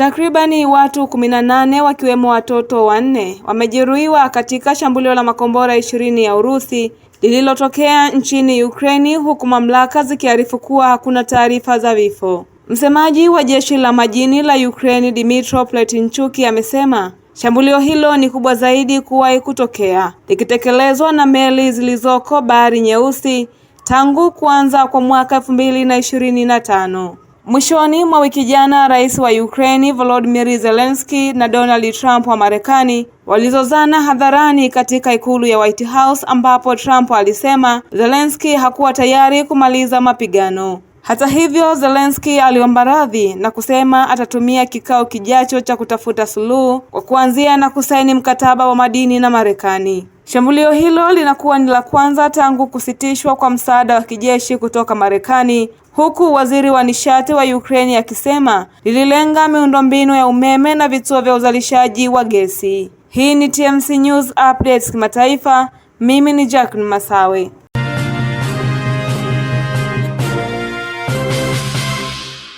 Takribani watu kumi na nane wakiwemo watoto wanne wamejeruhiwa katika shambulio la makombora ishirini ya Urusi lililotokea nchini Ukraini huku mamlaka zikiarifu kuwa hakuna taarifa za vifo. Msemaji wa jeshi la majini la Ukraini Dmytro Pletinchuki amesema shambulio hilo ni kubwa zaidi kuwahi kutokea likitekelezwa na meli zilizoko Bahari Nyeusi tangu kuanza kwa mwaka elfu mbili na ishirini na tano. Mwishoni mwa wiki jana, rais wa Ukraini Volodymyr Zelensky na Donald Trump wa Marekani walizozana hadharani katika ikulu ya White House ambapo Trump alisema Zelensky hakuwa tayari kumaliza mapigano. Hata hivyo, Zelensky aliomba radhi na kusema atatumia kikao kijacho cha kutafuta suluhu kwa kuanzia na kusaini mkataba wa madini na Marekani. Shambulio hilo linakuwa ni la kwanza tangu kusitishwa kwa msaada wa kijeshi kutoka Marekani, huku waziri wa nishati wa Ukraine akisema lililenga miundombinu ya umeme na vituo vya uzalishaji wa gesi. Hii ni TMC News Updates kimataifa. Mimi ni Jacqueline Masawe.